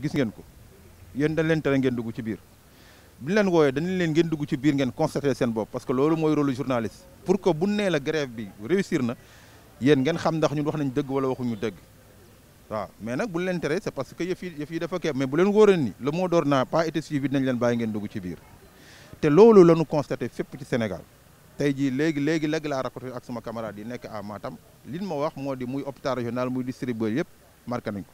gis ngeen ko yéen dañ leen tere ngeen dugg ci biir bu bi leen wooyee dañ leen ngeen dugg ci biir ngeen constaté seen bopp parce que loolu mooy rôle journaliste pour que bu nee la grève bi réussir na yéen ngeen xam ndax ñun wax nañ dëgg wala waxuñu dëgg waaw mais nag bu leen tere c'est parce que yëf yi yi dafa keeb mais bu leen wóoree ni le mot d'ordre n'a pas été suivi dinañ leen bàyyi ngeen dugg ci biir te loolu la ñu constaté fépp ci Sénégal tey ji léegi léegi léegi laa raconté ak sama camarade yi nekk à li ma wax moo di muy hôpital régional muy distributeur yëpp marqué nañ ko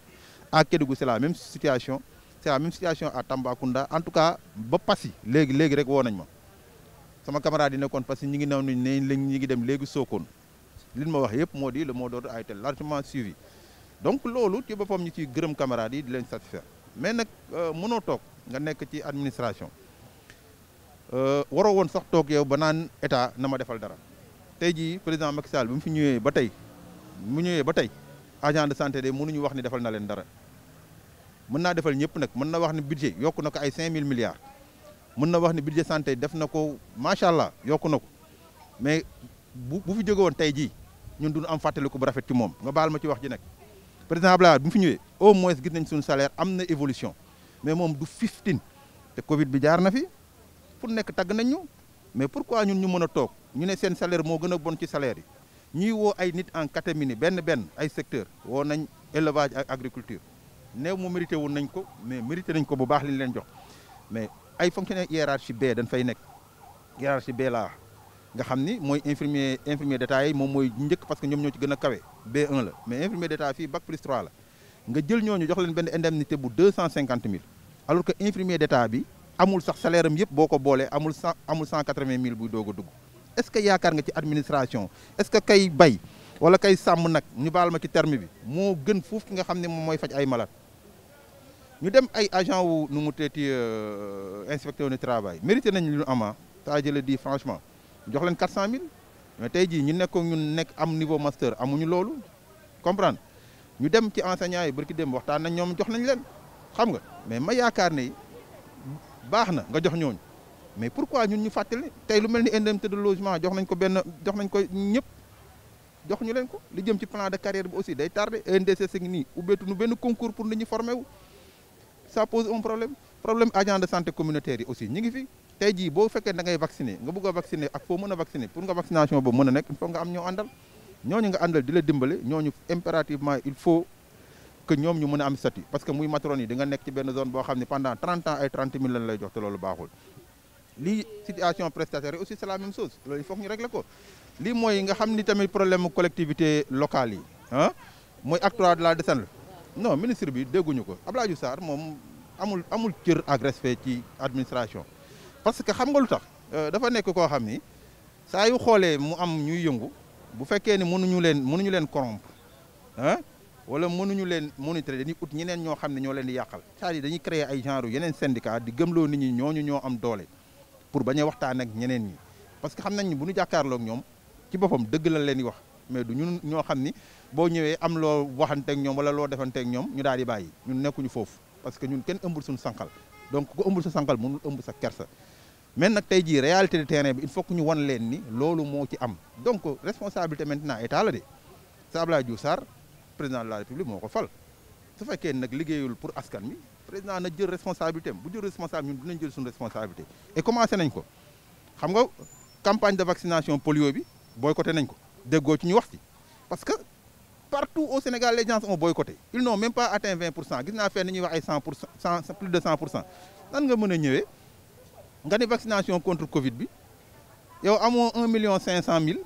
à Kédougou c'est la même situation c'est la à Tambacounda en tout cas ba Passy léegi léegi rek woo nañ ma sama camarade yi nekkoon parce que ñi ngi naw nañ ne ñi ngi dem léegi sookoon li ma wax yëpp moo di la moo d'ordre ay été largement suivi donc loolu ci boppam ñu ciy gërëm camarades yi di leen satisfaire mais nag euh, mënoo toog nga nekk ci administration euh, waroo woon sax toog yow ba naan état na ma defal dara tey jii président Macky Sall bi mu fi ñëwee ba tey mu ñëwee ba tey agent de santé de ñu wax ni defal na leen dara mën naa defal ñëpp nag mën na wax ni budget yokku na ko ay 5000 milliards mën na wax ni budget santé def na ko macha allah yokku na ko mais bu bu fi jóge woon tey jii ñun duñu am fàttaliku ba rafet ci moom nga baal ma ci wax ji nag président Abdoulaye bu mu fi ñëwee au moins gis nañ suñu salaire am na évolution mais moom du 15 te Covid bi jaar na fi fu nekk tagg nañ ñu mais pourquoi ñun ñu mën a toog ñu ne seen salaire moo gën a bon ci salaire yi. ñuy woo ay nit en catémini benn benn ay secteur woo nañ élevage ak agriculture néew mu mérité woon nañ ko mais mérité nañ ko bu baax li leen jox mais ay fonctionnaire hiérarchie B dañ fay nekk hiérarchie B la nga xam ni mooy infirmier infirmier d'état moom mooy njëkk parce que ñoom ñoo ci gën a kawe B1 la mais infirmier d'état fii bac plus la nga jël ñoo ñu jox leen benn indemnité bu 250 000 alors que infirmier d'état bi amul sax salaire am yëpp boo ko boolee amul cent amul 180 000 buy doog dugg. est-ce que yaakaar nga ci administration est-ce que kay bay wala kay sàmm nag ñu baal ma ci terme bi moo gën fuuf ki nga xam ne moom mooy faj ay malade ñu dem ay agent wu nu mu teeti euh, inspecteur du travail mérité nañ lu ama ta jële di franchement jox leen 400000 mais tey jii ñu nekkoon ñun nekk am niveau master amuñu loolu comprendre ñu dem ci enseignants yi barki dem waxtaan nañ ñoom jox nañ leen xam nga mais ma yaakaar ne baax na nga jox ñooñu mais pourquoi ñun ñu fàttali tey lu mel ni indemnité de logement jox nañ ko benn jox nañ ñëpp jox ñu leen ko li jëm ci plan de carrière bi aussi day tardé ENDC si ngi nii ubbeetu nu benn concours pour nit ñi formé wu pose un problème problème agent de santé communautaire yi aussi ñu ngi fi tey jii boo fekkee da ngay vacciner nga bëgg a vacciner ak foo mën a vacciner pour nga vaccination boobu mën a nekk il faut nga am ñoo àndal ñooñu nga àndal di la dimbale ñooñu impérativement il lii situation prestataire aussi c'est la même chose loolu il faut ñu régler ko lii mooy nga xam ni tamit problème collectivité locale yi ah mooy acte de la décenne non ministre bi dégguñu ko Abdoulaye saar moom amul amul cër ak respect ci administration parce que xam nga lu tax euh, dafa nekk koo xam ni saa yu xoolee mu am ñuy yëngu bu fekkee ni mënuñu leen mënuñu leen corrompre ah wala mënuñu leen monitorer dañuy ut ñeneen ñoo xam ne ñoo leen di yàqal cest à dañuy créer ay genre yeneen syndicat di gëmloo nit ñi ñooñu ñoo am doole pour bañ a waxtaan ak ñeneen ñi parce que xam nañ ni bu ñu jàkkaarloog ñoom ci boppam dëgg la leen di wax mais du ñun ñoo xam ni boo ñëwee am loo waxanteeg ñoom wala loo defanteeg ñoom ñu daal di bàyyi ñun nekkuñu foofu parce que ñun kenn ëmbul suñu sànqal donc ku ëmbul sa sànqal mënul ëmb sa kersa mais nag tey jii réalité de terrain bi il faut ñu wan leen ni loolu moo ci am donc responsabilité maintenant état la de sa Abdoulaye Diouf président de la république moo ko fal su fekkee nag liggéeyul pour askan mi président na jël responsabilité bu jël responsable ñun dinañ jël suñu responsabilité et commencé nañ ko xam nga campagne de vaccination polio bi boycotté nañ ko déggoo ci ñu wax ci parce que partout au Sénégal les gens ont boycotté ils n'ont même pas atteint 20 pour cent gis naa fenn ñuy wax ay 100 pour cent plus de 100 pour cent nan nga mën a ñëwee nga ne vaccination contre Covid bi yow amoo un million 500 mille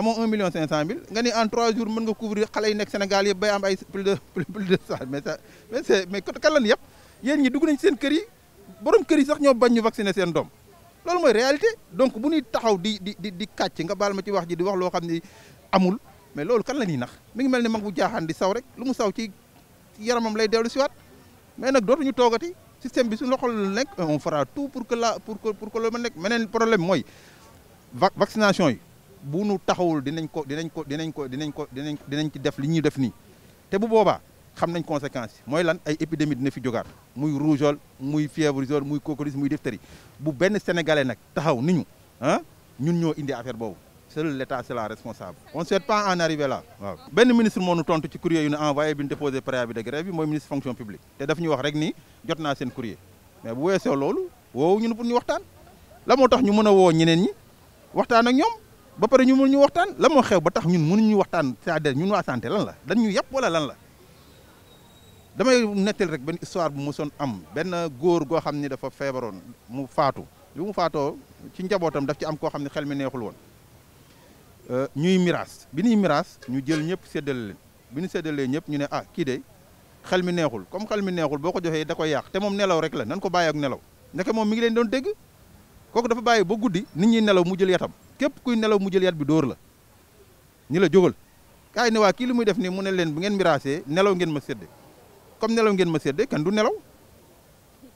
amoo 1 million 500 mille nga ni en 3 jours mën nga couvrir xale yi nekk Sénégal yëpp bay am ay plus de plus de ça mais ça kan lan yëpp yéen ñi dugg nañ seen kër yi borom kër yi sax ñoo bañ ñu vacciner seen doom loolu mooy réalité donc bu ñuy taxaw di di di di kàcc nga baal ma ci wax ji di wax loo xam ni amul mais loolu kan la ñuy nax mi ngi mel ni mag bu jaaxaan di saw rek lu mu saw ci yaramam lay dellu siwaat mais nag ñu toogati système bi suñu loxol nekk on fera tout pour pour que pour que loolu ma nekk meneen problème mooy vaccination yi. bu nu taxawul dinañ ko dinañ ko dinañ ko dinañ ko dinañ dinañ ci def li ñuy def nii te bu boobaa xam nañ conséquence yi mooy lan ay épidémie dina fi jogaat muy rougeole muy fièvre jaune muy cocolis muy diphtérie bu benn sénégalais nag taxaw ni ñu ah ñun ñoo indi affaire boobu seul l'état c'est la responsable on souhaite pas en arriver là waaw benn ministre moo nu tontu ci courrier yu ne envoyé bi ñu déposé préavis de grève bi mooy ministre fonction publique te daf ñu wax rek ni jot naa seen courrier mais bu weesoo loolu woowu ñun ñu waxtaan la moo tax ñu mën a woo ñeneen waxtaan ak ñoom ba pare ñu mënuñu waxtaan la moo xew ba tax ñun ñu waxtaan c'est-à-dire ñun waa lan la dañuy ñu yàpp wala lan la damay nettali rek benn histoire bu mosoon am benn góor goo xam ni dafa feebaroon mu faatu bi mu faatoo ci njabootam daf ci am koo xam ne xel mi neexul woon euh, ñuy miraas bi ñuy miraas ñu jël ñëpp séddale leen bi ñu séddalee ñëpp ñu ne ah kii de xel mi neexul comme xel mi neexul boo ko joxee da koy yàq te moom nelaw rek la nan ko bàyyi ak nelaw ndeke moom mi ngi leen doon dégg kooku dafa bàyyi ba guddi nit ñi nelaw mu jël yatam képp kuy nelaw mu jël yat bi door la ñu la jógal kaay ne waa kii li muy def nii mu ne leen bu ngeen miraasee nelaw ngeen ma sedd comme nelaw ngeen ma sédde kenn du nelaw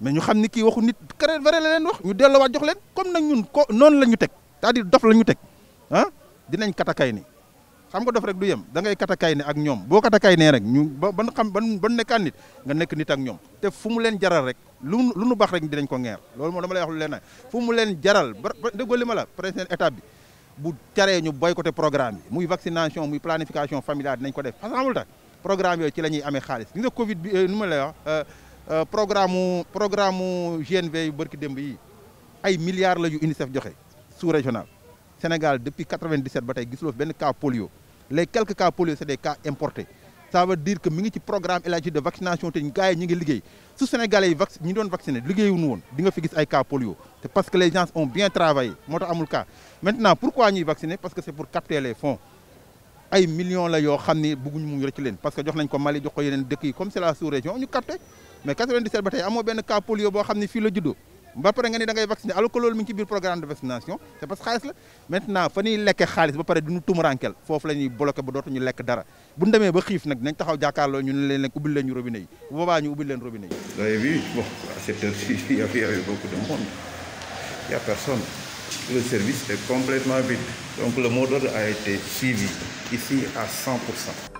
mais ñu xam ni kii waxu nit vrai vrai la leen wax ñu delloowaat jox leen comme nag ñun ko noonu la ñu teg cest à dof la ñu teg ah dinañ katakay xam nga dof rek du yem da ngay katakay ne ak ñoom boo katakay nee rek ñu ba ban xam ban ban nekkaan nga nekk nit ak ñoom te fu mu leen jaral rek lu lu nu baax rek dinañ ko ngeer loolu moo dama leen fu mu leen jaral ba déggoo li ma la président état bi bu caree ñu boycotté programme bi muy vaccination muy planification familiale dinañ ko def fasanawul tax programme yooyu ci la ñuy amee xaalis gis nga Covid bi euh, nu ma lay wax programme euh, euh, programme mu GNV yu bërki démb yi ay milliards la yu UNICEF joxe sous régional Sénégal depuis 97 ba tey gisuloo fi benn cas polio les quelques cas polio c'est des cas ça veut dire que mi ngi ci programme élargi de vaccination te gars yi ngi liggéey su sénégalais yi vac ñi doon vacciné liggéeyuñu woon di nga ay cas parce que les gens ont bien travaillé moo tax amul cas maintenant pourquoi ñuy vacciner parce que c'est pour capter les ay millions la yoo xam ni bëgguñu mu rëcc leen parce que jox nañ ko Mali jox ko yeneen dëkk yi comme c'est la sous-région ñu capté mais 97 ba tey amoo benn cas polio ba pare nga ni da ngay vacciner alors que loolu mi ngi ci biir programme de vaccination c'est parce que xaalis la maintenant fa ñuy lekke xaalis ba pare duñu tumurankel foofu la ñuy ba dootuñu lekk dara bu ñu demee ba xiif nag nañ taxaw jàkkaarloo ñu ne leen nag ubbil leen ñu robinet yi bu boobaa ñu ubbil leen robinet yi. vous avez vu bon à cette heure-ci il y avait beaucoup de monde il y a personne le service est complètement vide donc le mot d'ordre a été suivi ici à 100 pour